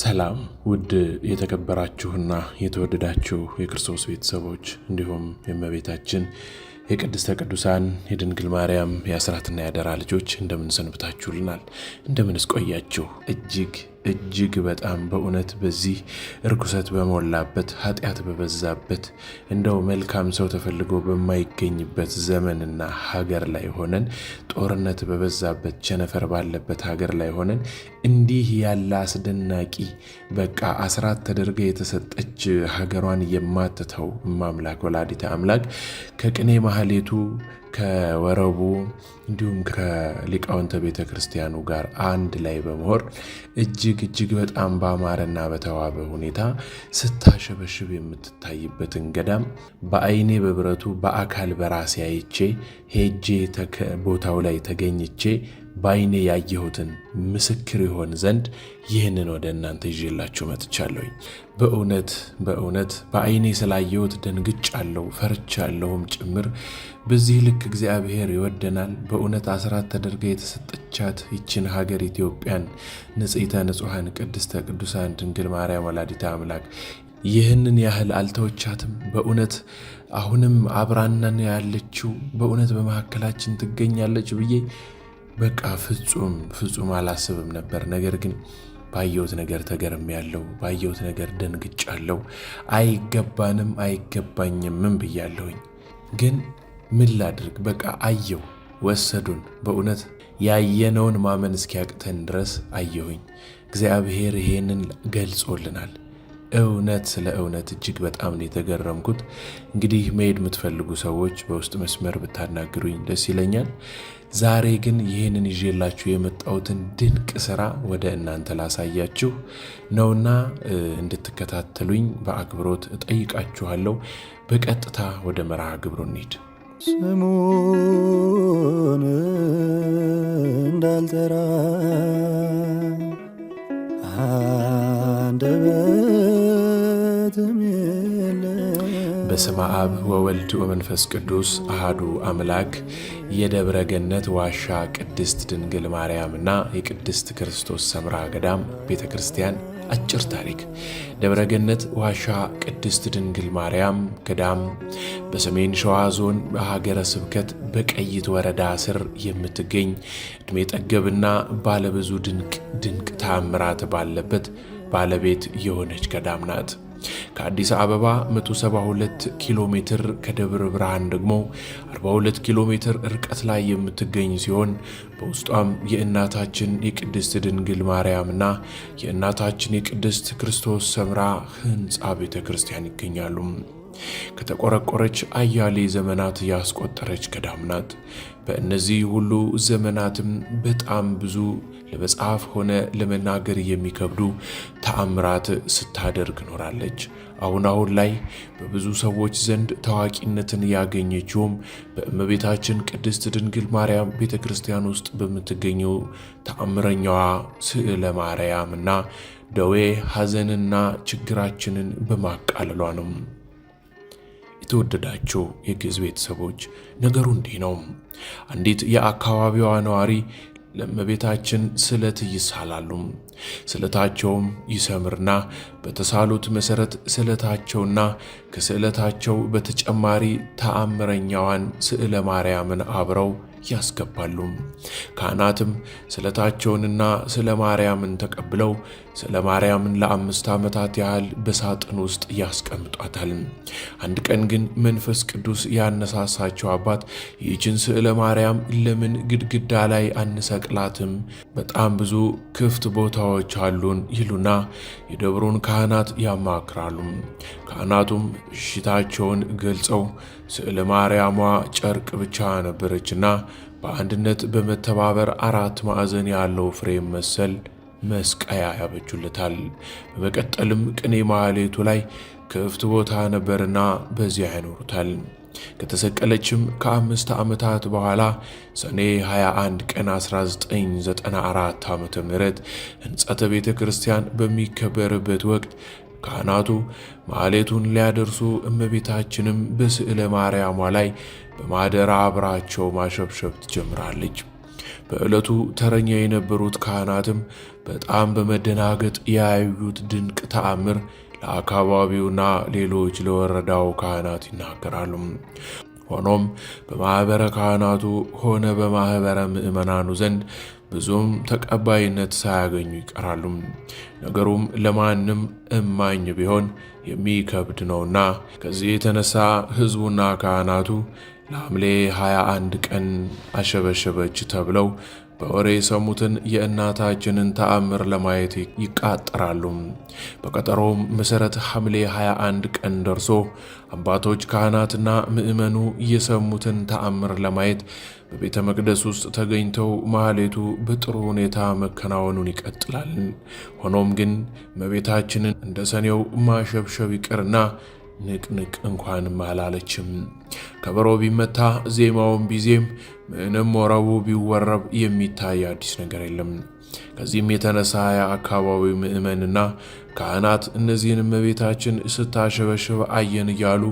ሰላም ውድ የተከበራችሁና የተወደዳችሁ የክርስቶስ ቤተሰቦች እንዲሁም የእመቤታችን የቅድስተ ቅዱሳን የድንግል ማርያም የአስራትና የደራ ልጆች እንደምን ሰንብታችሁልናል? እንደምንስ ቆያችሁ? እጅግ እጅግ በጣም በእውነት በዚህ እርኩሰት በሞላበት ኃጢአት በበዛበት እንደው መልካም ሰው ተፈልጎ በማይገኝበት ዘመንና ሀገር ላይ ሆነን ጦርነት በበዛበት ቸነፈር ባለበት ሀገር ላይ ሆነን እንዲህ ያለ አስደናቂ በቃ አስራት ተደርጋ የተሰጠች ሀገሯን የማትተው እማምላክ ወላዲተ አምላክ ከቅኔ ማህሌቱ ከወረቡ እንዲሁም ከሊቃውንተ ቤተ ክርስቲያኑ ጋር አንድ ላይ በመሆን እጅግ እጅግ በጣም በአማረና በተዋበ ሁኔታ ስታሸበሽብ የምትታይበትን ገዳም በአይኔ በብረቱ በአካል በራሴ አይቼ ሄጄ ቦታው ላይ ተገኝቼ በዓይኔ ያየሁትን ምስክር ይሆን ዘንድ ይህንን ወደ እናንተ ይዤላችሁ መጥቻለሁኝ። በእውነት በእውነት በዓይኔ ስላየሁት ደንግጫለሁ፣ ፈርቻለሁም ጭምር። በዚህ ልክ እግዚአብሔር ይወደናል። በእውነት አስራት ተደርጋ የተሰጠቻት ይችን ሀገር ኢትዮጵያን ንጽሕተ ንጹሐን ቅድስተ ቅዱሳን ድንግል ማርያም ወላዲተ አምላክ ይህንን ያህል አልተወቻትም። በእውነት አሁንም አብራናን ያለችው በእውነት በመካከላችን ትገኛለች ብዬ በቃ ፍጹም ፍጹም አላስብም ነበር። ነገር ግን ባየሁት ነገር ተገርም ያለው ባየሁት ነገር አለው አይገባንም አይገባኝም ምን ብያለሁኝ። ግን ምን ላድርግ? በቃ አየው፣ ወሰዱን። በእውነት ያየነውን ማመን እስኪያቅተን ድረስ አየሁኝ። እግዚአብሔር ይሄንን ገልጾልናል። እውነት ስለ እውነት እጅግ በጣም ነው የተገረምኩት። እንግዲህ መሄድ የምትፈልጉ ሰዎች በውስጥ መስመር ብታናግሩኝ ደስ ይለኛል። ዛሬ ግን ይህንን ይዤላችሁ የመጣሁትን ድንቅ ስራ ወደ እናንተ ላሳያችሁ ነውና እንድትከታተሉኝ በአክብሮት እጠይቃችኋለሁ። በቀጥታ ወደ መርሃ ግብሩ እንሂድ። ስሙን እንዳልጠራ አንደበት በስመ አብ ወወልድ ወመንፈስ ቅዱስ አሃዱ አምላክ። የደብረ ገነት ዋሻ ቅድስት ድንግል ማርያምና የቅድስት ክርስቶስ ሰምራ ገዳም ቤተ ክርስቲያን አጭር ታሪክ። ደብረ ገነት ዋሻ ቅድስት ድንግል ማርያም ገዳም በሰሜን ሸዋ ዞን በሀገረ ስብከት በቀይት ወረዳ ስር የምትገኝ ዕድሜ ጠገብና ባለብዙ ድንቅ ድንቅ ተአምራት ባለበት ባለቤት የሆነች ገዳም ናት። ከአዲስ አበባ 172 ኪሎ ሜትር ከደብረ ብርሃን ደግሞ 42 ኪሎ ሜትር ርቀት ላይ የምትገኝ ሲሆን በውስጧም የእናታችን የቅድስት ድንግል ማርያምና የእናታችን የቅድስት ክርስቶስ ሰምራ ህንፃ ቤተ ክርስቲያን ይገኛሉ። ከተቆረቆረች አያሌ ዘመናት ያስቆጠረች ገዳም ናት። በእነዚህ ሁሉ ዘመናትም በጣም ብዙ ለመጽሐፍ ሆነ ለመናገር የሚከብዱ ተአምራት ስታደርግ ኖራለች። አሁን አሁን ላይ በብዙ ሰዎች ዘንድ ታዋቂነትን ያገኘችውም በእመቤታችን ቅድስት ድንግል ማርያም ቤተ ክርስቲያን ውስጥ በምትገኘው ተአምረኛዋ ስዕለ ማርያምና ደዌ ሐዘንና ችግራችንን በማቃለሏ ነው። የተወደዳቸው የግዕዝ ቤተሰቦች ነገሩ እንዲህ ነው። አንዲት የአካባቢዋ ነዋሪ ለእመቤታችን ስለት ይሳላሉ። ስለታቸውም ይሰምርና በተሳሉት መሠረት ስለታቸውና ከስዕለታቸው በተጨማሪ ተአምረኛዋን ስዕለ ማርያምን አብረው ያስገባሉ። ካህናትም ስለታቸውንና ስለ ማርያምን ተቀብለው ስለ ማርያምን ለአምስት ዓመታት ያህል በሳጥን ውስጥ ያስቀምጧታል። አንድ ቀን ግን መንፈስ ቅዱስ ያነሳሳቸው አባት ይህችን ስዕለ ማርያም ለምን ግድግዳ ላይ አንሰቅላትም? በጣም ብዙ ክፍት ቦታዎች አሉን ይሉና የደብሩን ካህናት ያማክራሉ። ካህናቱም እሽታቸውን ገልጸው ስዕለ ማርያሟ ጨርቅ ብቻ ነበረችና በአንድነት በመተባበር አራት ማዕዘን ያለው ፍሬም መሰል መስቀያ ያበጁለታል። በመቀጠልም ቅኔ ማህሌቱ ላይ ክፍት ቦታ ነበርና በዚያ ያኖሩታል። ከተሰቀለችም ከአምስት ዓመታት በኋላ ሰኔ 21 ቀን 1994 ዓ ም ሕንጸተ ቤተ ክርስቲያን በሚከበርበት ወቅት ካህናቱ ማሌቱን ሊያደርሱ እመቤታችንም በስዕለ ማርያሟ ላይ በማደራ አብራቸው ማሸብሸብ ትጀምራለች። በዕለቱ ተረኛ የነበሩት ካህናትም በጣም በመደናገጥ ያዩት ድንቅ ተአምር ለአካባቢውና ሌሎች ለወረዳው ካህናት ይናገራሉ። ሆኖም በማኅበረ ካህናቱ ሆነ በማኅበረ ምዕመናኑ ዘንድ ብዙም ተቀባይነት ሳያገኙ ይቀራሉ። ነገሩም ለማንም እማኝ ቢሆን የሚከብድ ነውና ከዚህ የተነሳ ሕዝቡና ካህናቱ ለሐምሌ 21 ቀን አሸበሸበች ተብለው በወሬ የሰሙትን የእናታችንን ተአምር ለማየት ይቃጠራሉ። በቀጠሮም መሠረት ሐምሌ 21 ቀን ደርሶ አባቶች ካህናትና ምዕመኑ የሰሙትን ተአምር ለማየት በቤተ መቅደስ ውስጥ ተገኝተው ማህሌቱ በጥሩ ሁኔታ መከናወኑን ይቀጥላል። ሆኖም ግን መቤታችንን እንደ ሰኔው ማሸብሸብ ይቅርና ንቅንቅ እንኳንም አላለችም። ከበሮ ቢመታ ዜማውን ቢዜም ምንም ወረቡ ቢወረብ የሚታይ አዲስ ነገር የለም። ከዚህም የተነሳ የአካባቢው ምዕመንና ካህናት እነዚህን እመቤታችን ስታሸበሽበ አየን እያሉ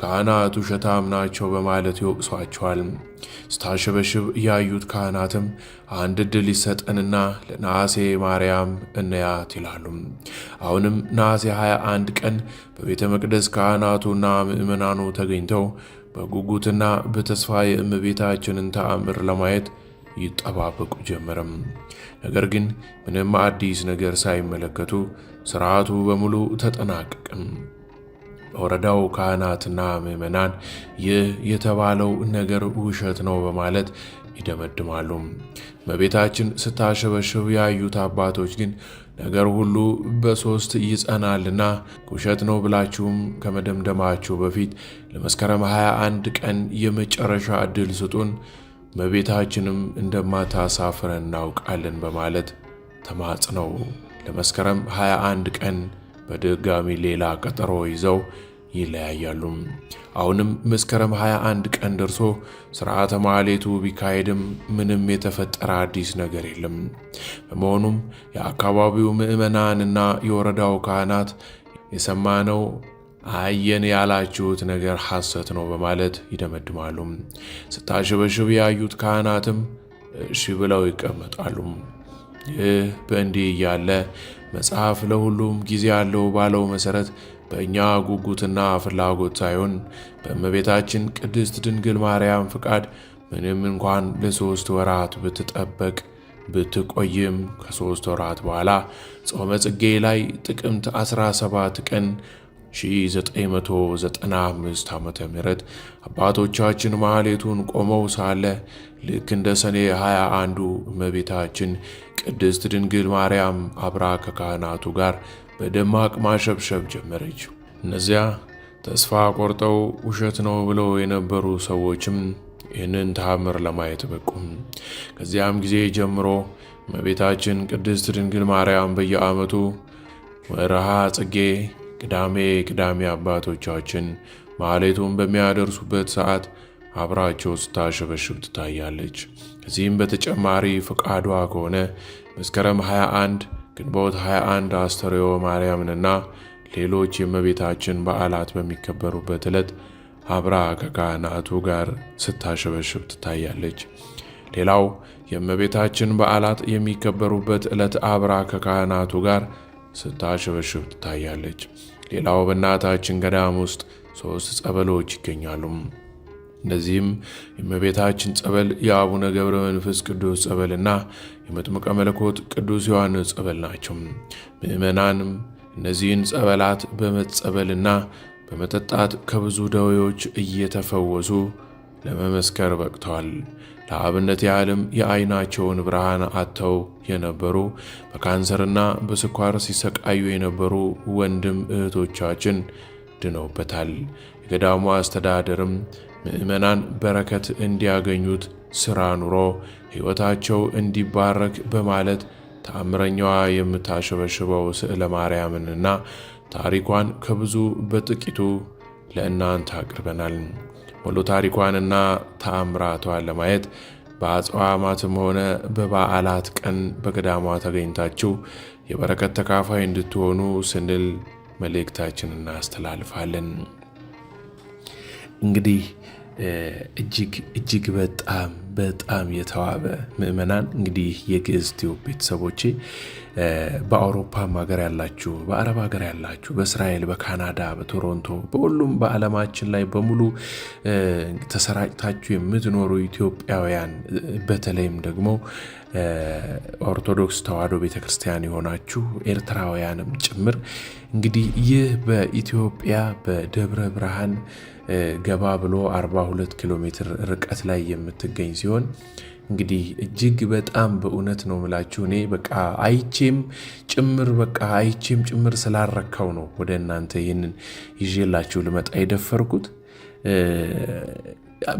ካህናት ውሸታም ናቸው በማለት ይወቅሷቸዋል። ስታሸበሽብ እያዩት ካህናትም አንድ ዕድል ይሰጠንና ለነሐሴ ማርያም እንያት ይላሉ። አሁንም ነሐሴ 21 ቀን በቤተ መቅደስ ካህናቱና ምእመናኑ ተገኝተው በጉጉትና በተስፋ የእመቤታችንን ተአምር ለማየት ይጠባበቁ ጀመረም። ነገር ግን ምንም አዲስ ነገር ሳይመለከቱ ስርዓቱ በሙሉ ተጠናቀቅም። ወረዳው ካህናትና ምዕመናን ይህ የተባለው ነገር ውሸት ነው በማለት ይደመድማሉ። እመቤታችን ስታሸበሽብ ያዩት አባቶች ግን ነገር ሁሉ በሶስት ይጸናልና ውሸት ነው ብላችሁም ከመደምደማችሁ በፊት ለመስከረም 21 ቀን የመጨረሻ ዕድል ስጡን፣ እመቤታችንም እንደማታሳፍረን እናውቃለን በማለት ተማጽነው ለመስከረም 21 ቀን በድጋሚ ሌላ ቀጠሮ ይዘው ይለያያሉ። አሁንም መስከረም 21 ቀን ደርሶ ስርዓተ ማህሌቱ ቢካሄድም ምንም የተፈጠረ አዲስ ነገር የለም። በመሆኑም የአካባቢው ምዕመናንና የወረዳው ካህናት የሰማነው አየን ያላችሁት ነገር ሐሰት ነው በማለት ይደመድማሉ። ስታሸበሽብ ያዩት ካህናትም እሺ ብለው ይቀመጣሉ። ይህ በእንዲህ እያለ መጽሐፍ ለሁሉም ጊዜ ያለው ባለው መሠረት በእኛ ጉጉትና ፍላጎት ሳይሆን በእመቤታችን ቅድስት ድንግል ማርያም ፍቃድ ምንም እንኳን ለሦስት ወራት ብትጠበቅ ብትቆይም ከሦስት ወራት በኋላ ጾመ ጽጌ ላይ ጥቅምት 17 ቀን 1995 ዓ.ም አባቶቻችን ማህሌቱን ቆመው ሳለ ልክ እንደ ሰኔ 21ዱ እመቤታችን ቅድስት ድንግል ማርያም አብራ ከካህናቱ ጋር በደማቅ ማሸብሸብ ጀመረች። እነዚያ ተስፋ ቆርጠው ውሸት ነው ብለው የነበሩ ሰዎችም ይህንን ተአምር ለማየት በቁም። ከዚያም ጊዜ ጀምሮ እመቤታችን ቅድስት ድንግል ማርያም በየዓመቱ ወርሃ ጽጌ ቅዳሜ ቅዳሜ አባቶቻችን ማሕሌቱን በሚያደርሱበት ሰዓት አብራቸው ስታሸበሽብ ትታያለች። ከዚህም በተጨማሪ ፈቃዷ ከሆነ መስከረም 21 ግንቦት 21 አስተርዮ ማርያምንና ሌሎች የእመቤታችን በዓላት በሚከበሩበት ዕለት አብራ ከካህናቱ ጋር ስታሸበሽብ ትታያለች። ሌላው የእመቤታችን በዓላት የሚከበሩበት ዕለት አብራ ከካህናቱ ጋር ስታሸበሽብ ትታያለች። ሌላው በእናታችን ገዳም ውስጥ ሦስት ጸበሎች ይገኛሉ። እነዚህም የእመቤታችን ጸበል፣ የአቡነ ገብረ መንፈስ ቅዱስ ጸበልና የመጥምቀ መለኮት ቅዱስ ዮሐንስ ጸበል ናቸው። ምዕመናንም እነዚህን ጸበላት በመጸበልና በመጠጣት ከብዙ ደዌዎች እየተፈወሱ ለመመስከር በቅተዋል። ለአብነት ያህልም የዓይናቸውን ብርሃን አጥተው የነበሩ በካንሰርና በስኳር ሲሰቃዩ የነበሩ ወንድም እህቶቻችን ድነውበታል። የገዳሙ አስተዳደርም ምዕመናን በረከት እንዲያገኙት ሥራ ኑሮ ሕይወታቸው እንዲባረክ በማለት ተአምረኛዋ የምታሸበሽበው ስዕለ ማርያምንና ታሪኳን ከብዙ በጥቂቱ ለእናንተ አቅርበናል። ሙሉ ታሪኳንና ተአምራቷን ለማየት በአጽዋማትም ሆነ በበዓላት ቀን በገዳሟ ተገኝታችሁ የበረከት ተካፋይ እንድትሆኑ ስንል መልእክታችንን እናስተላልፋለን። እንግዲህ እጅግ እጅግ በጣም በጣም የተዋበ ምእመናን እንግዲህ የግዕዝ ቲዩብ ቤተሰቦቼ በአውሮፓም ሀገር ያላችሁ፣ በአረብ ሀገር ያላችሁ፣ በእስራኤል፣ በካናዳ፣ በቶሮንቶ፣ በሁሉም በዓለማችን ላይ በሙሉ ተሰራጭታችሁ የምትኖሩ ኢትዮጵያውያን በተለይም ደግሞ ኦርቶዶክስ ተዋሕዶ ቤተክርስቲያን የሆናችሁ ኤርትራውያንም ጭምር እንግዲህ ይህ በኢትዮጵያ በደብረ ብርሃን ገባ ብሎ 42 ኪሎ ሜትር ርቀት ላይ የምትገኝ ሲሆን እንግዲህ እጅግ በጣም በእውነት ነው ምላችሁ እኔ በቃ አይቼም ጭምር በቃ አይቼም ጭምር ስላረካው ነው ወደ እናንተ ይህንን ይዤላችሁ ልመጣ የደፈርኩት።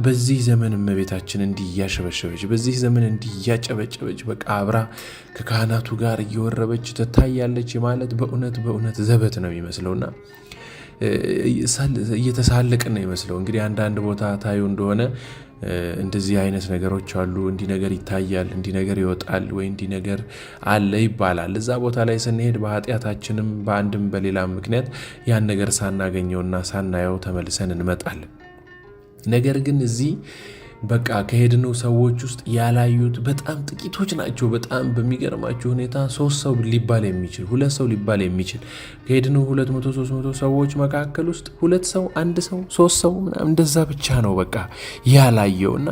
በዚህ ዘመን እመቤታችን እንዲህ እያሸበሸበች፣ በዚህ ዘመን እንዲህ እያጨበጨበች፣ በቃ አብራ ከካህናቱ ጋር እየወረበች ትታያለች ማለት በእውነት በእውነት ዘበት ነው የሚመስለውና እየተሳለቅን ነው የሚመስለው። እንግዲህ አንዳንድ ቦታ ታዩ እንደሆነ እንደዚህ አይነት ነገሮች አሉ፣ እንዲህ ነገር ይታያል፣ እንዲህ ነገር ይወጣል፣ ወይ እንዲህ ነገር አለ ይባላል። እዛ ቦታ ላይ ስንሄድ በኃጢአታችንም በአንድም በሌላም ምክንያት ያን ነገር ሳናገኘውና ሳናየው ተመልሰን እንመጣለን። ነገር ግን እዚህ በቃ ከሄድነው ነው ሰዎች ውስጥ ያላዩት በጣም ጥቂቶች ናቸው። በጣም በሚገርማቸው ሁኔታ ሶስት ሰው ሊባል የሚችል ሁለት ሰው ሊባል የሚችል ከሄድነው ሁለት መቶ ሶስት መቶ ሰዎች መካከል ውስጥ ሁለት ሰው አንድ ሰው ሶስት ሰው ምናምን እንደዛ ብቻ ነው በቃ ያላየው እና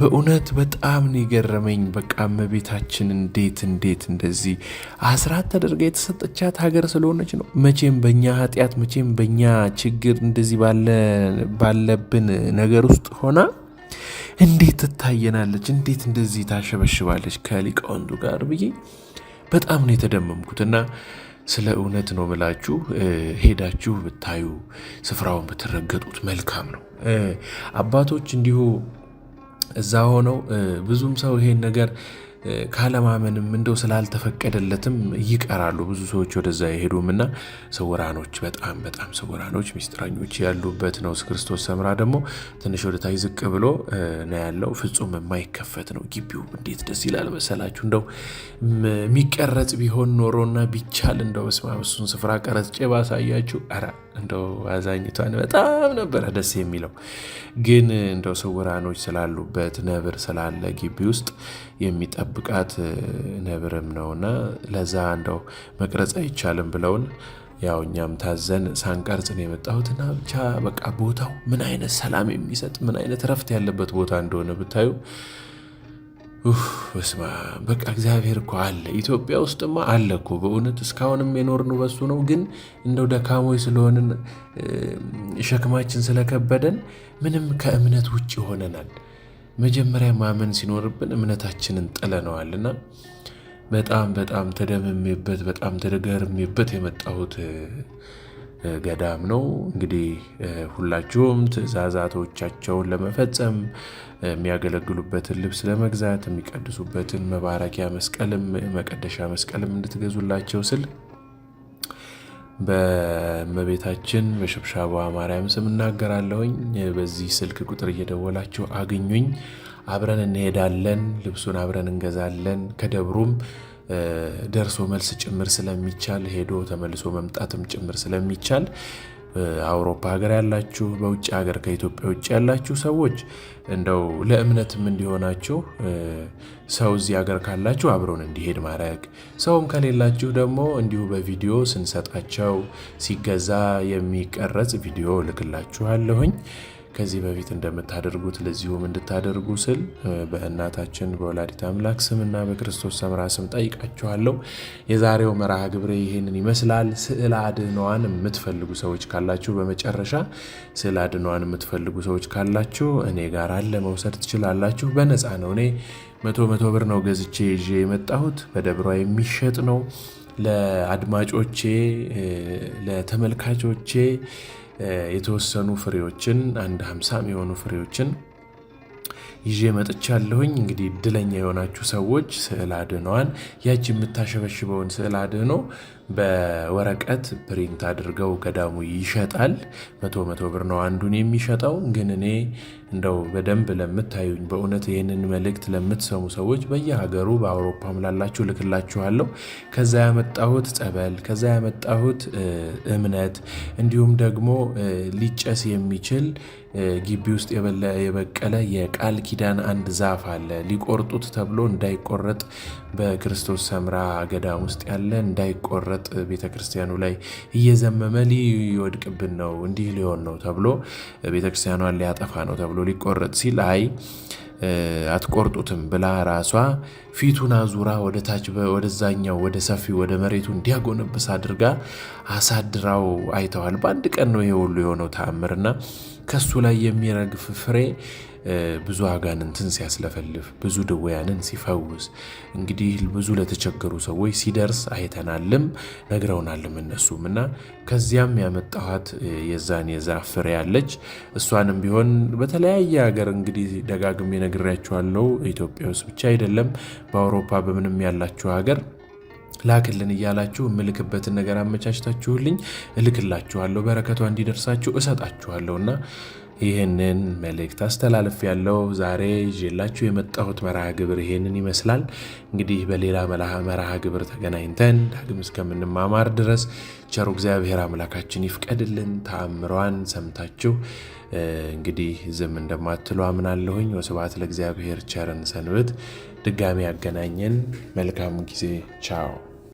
በእውነት በጣም ነው የገረመኝ። በቃ እመቤታችን እንዴት እንዴት እንደዚህ አስራት ተደርጋ የተሰጠቻት ሀገር ስለሆነች ነው። መቼም በእኛ ኃጢአት፣ መቼም በእኛ ችግር እንደዚህ ባለብን ነገር ውስጥ ሆና እንዴት ትታየናለች? እንዴት እንደዚህ ታሸበሽባለች ከሊቃውንቱ ጋር ብዬ በጣም ነው እና ስለ እውነት ነው ብላችሁ ሄዳችሁ ብታዩ ስፍራውን ብትረገጡት መልካም ነው። አባቶች እንዲሁ እዛ ሆነው ብዙም ሰው ይሄን ነገር ካለማመንም እንደው ስላልተፈቀደለትም ይቀራሉ ብዙ ሰዎች ወደዛ የሄዱም እና ስውራኖች በጣም በጣም ስውራኖች ሚስጥረኞች ያሉበት ነው። ክርስቶስ ሰምራ ደግሞ ትንሽ ወደታች ዝቅ ብሎ ነው ያለው። ፍጹም የማይከፈት ነው ግቢው እንዴት ደስ ይላል መሰላችሁ! እንደው የሚቀረጽ ቢሆን ኖሮና ቢቻል እንደው በስመ አብ እሱን ስፍራ ቀረጽ ጭባ ሳያችሁ ኧረ እንደው አዛኝቷን በጣም ነበረ ደስ የሚለው። ግን እንደው ስውራኖች ስላሉበት ነብር ስላለ ግቢ ውስጥ የሚጠብቃት ነብርም ነውና ለዛ እንደው መቅረጽ አይቻልም ብለውን ያው እኛም ታዘን ሳንቀርጽን የመጣሁትና ብቻ በቃ ቦታው ምን አይነት ሰላም የሚሰጥ ምን አይነት እረፍት ያለበት ቦታ እንደሆነ ብታዩ በስማ በቃ እግዚአብሔር እኮ አለ። ኢትዮጵያ ውስጥማ አለ እኮ በእውነት እስካሁንም የኖርነው በሱ ነው። ግን እንደው ደካሞች ስለሆንን ሸክማችን ስለከበደን ምንም ከእምነት ውጭ ሆነናል። መጀመሪያ ማመን ሲኖርብን እምነታችንን ጥለነዋልና በጣም በጣም ተደምሜበት በጣም ተደገርሜበት የመጣሁት ገዳም ነው። እንግዲህ ሁላችሁም ትእዛዛቶቻቸውን ለመፈጸም የሚያገለግሉበትን ልብስ ለመግዛት የሚቀድሱበትን መባረኪያ መስቀልም መቀደሻ መስቀልም እንድትገዙላቸው ስል በእመቤታችን በሽብሻባ ማርያም ስም እናገራለሁኝ። በዚህ ስልክ ቁጥር እየደወላችሁ አግኙኝ። አብረን እንሄዳለን። ልብሱን አብረን እንገዛለን። ከደብሩም ደርሶ መልስ ጭምር ስለሚቻል ሄዶ ተመልሶ መምጣትም ጭምር ስለሚቻል በአውሮፓ ሀገር ያላችሁ፣ በውጭ ሀገር ከኢትዮጵያ ውጭ ያላችሁ ሰዎች እንደው ለእምነትም እንዲሆናችሁ ሰው እዚህ ሀገር ካላችሁ አብረውን እንዲሄድ ማድረግ፣ ሰውም ከሌላችሁ ደግሞ እንዲሁ በቪዲዮ ስንሰጣቸው ሲገዛ የሚቀረጽ ቪዲዮ ልክላችኋለሁኝ። ከዚህ በፊት እንደምታደርጉት ለዚሁም እንድታደርጉ ስል በእናታችን በወላዲት አምላክ ስምና በክርስቶስ ሰምራ ስም ጠይቃችኋለሁ። የዛሬው መርሃ ግብሬ ይህንን ይመስላል። ስዕል አድኗን የምትፈልጉ ሰዎች ካላችሁ በመጨረሻ ስዕል አድኗን የምትፈልጉ ሰዎች ካላችሁ እኔ ጋር አለ መውሰድ ትችላላችሁ። በነፃ ነው። እኔ መቶ መቶ ብር ነው ገዝቼ ይዤ የመጣሁት። በደብሯ የሚሸጥ ነው። ለአድማጮቼ ለተመልካቾቼ የተወሰኑ ፍሬዎችን አንድ ሀምሳ የሆኑ ፍሬዎችን ይዤ መጥቻለሁኝ። እንግዲህ እድለኛ የሆናችሁ ሰዎች ስዕል አድህኖዋን ያች የምታሸበሽበውን ስዕል አድህኖ በወረቀት ፕሪንት አድርገው ገዳሙ ይሸጣል። መቶ መቶ ብር ነው አንዱን የሚሸጠው። ግን እኔ እንደው በደንብ ለምታዩኝ በእውነት ይህንን መልእክት ለምትሰሙ ሰዎች በየሀገሩ በአውሮፓም ላላችሁ ልክላችኋለሁ። ከዛ ያመጣሁት ጸበል፣ ከዛ ያመጣሁት እምነት እንዲሁም ደግሞ ሊጨስ የሚችል ግቢ ውስጥ የበቀለ የቃል ኪዳን አንድ ዛፍ አለ። ሊቆርጡት ተብሎ እንዳይቆረጥ በክርስቶስ ሰምራ ገዳም ውስጥ ያለ እንዳይቆረጥ ሲቆራረጥ ቤተክርስቲያኑ ላይ እየዘመመ ሊወድቅብን ነው እንዲህ ሊሆን ነው ተብሎ ቤተክርስቲያኗን ሊያጠፋ ነው ተብሎ ሊቆረጥ ሲል አይ አትቆርጡትም ብላ ራሷ ፊቱን አዙራ ወደ ታች ወደዛኛው ወደ ሰፊው ወደ መሬቱ እንዲያጎነብስ አድርጋ አሳድራው አይተዋል። በአንድ ቀን ነው ይሄ ሁሉ የሆነው ተአምርና ከሱ ላይ የሚረግፍ ፍሬ ብዙ አጋንንትን ሲያስለፈልፍ ብዙ ድውያንን ሲፈውስ እንግዲህ ብዙ ለተቸገሩ ሰዎች ሲደርስ አይተናልም፣ ነግረውናልም እነሱም እና ከዚያም ያመጣኋት የዛን የዛ ፍሬ አለች። እሷንም ቢሆን በተለያየ ሀገር እንግዲህ ደጋግሜ ነግሬያችኋለሁ። ኢትዮጵያ ውስጥ ብቻ አይደለም፣ በአውሮፓ በምንም ያላችሁ ሀገር ላክልን እያላችሁ የምልክበትን ነገር አመቻችታችሁልኝ እልክላችኋለሁ። በረከቷ እንዲደርሳችሁ እሰጣችኋለሁና ይህንን መልእክት አስተላለፍ ያለው ዛሬ ይዤላችሁ የመጣሁት መርሃ ግብር ይህንን ይመስላል። እንግዲህ በሌላ መርሃ ግብር ተገናኝተን ዳግም እስከምንማማር ድረስ ቸሩ እግዚአብሔር አምላካችን ይፍቀድልን። ተአምሯን ሰምታችሁ እንግዲህ ዝም እንደማትሉ አምናለሁኝ። ወስብሐት ለእግዚአብሔር። ቸርን ሰንብት። ድጋሚ ያገናኘን። መልካም ጊዜ። ቻው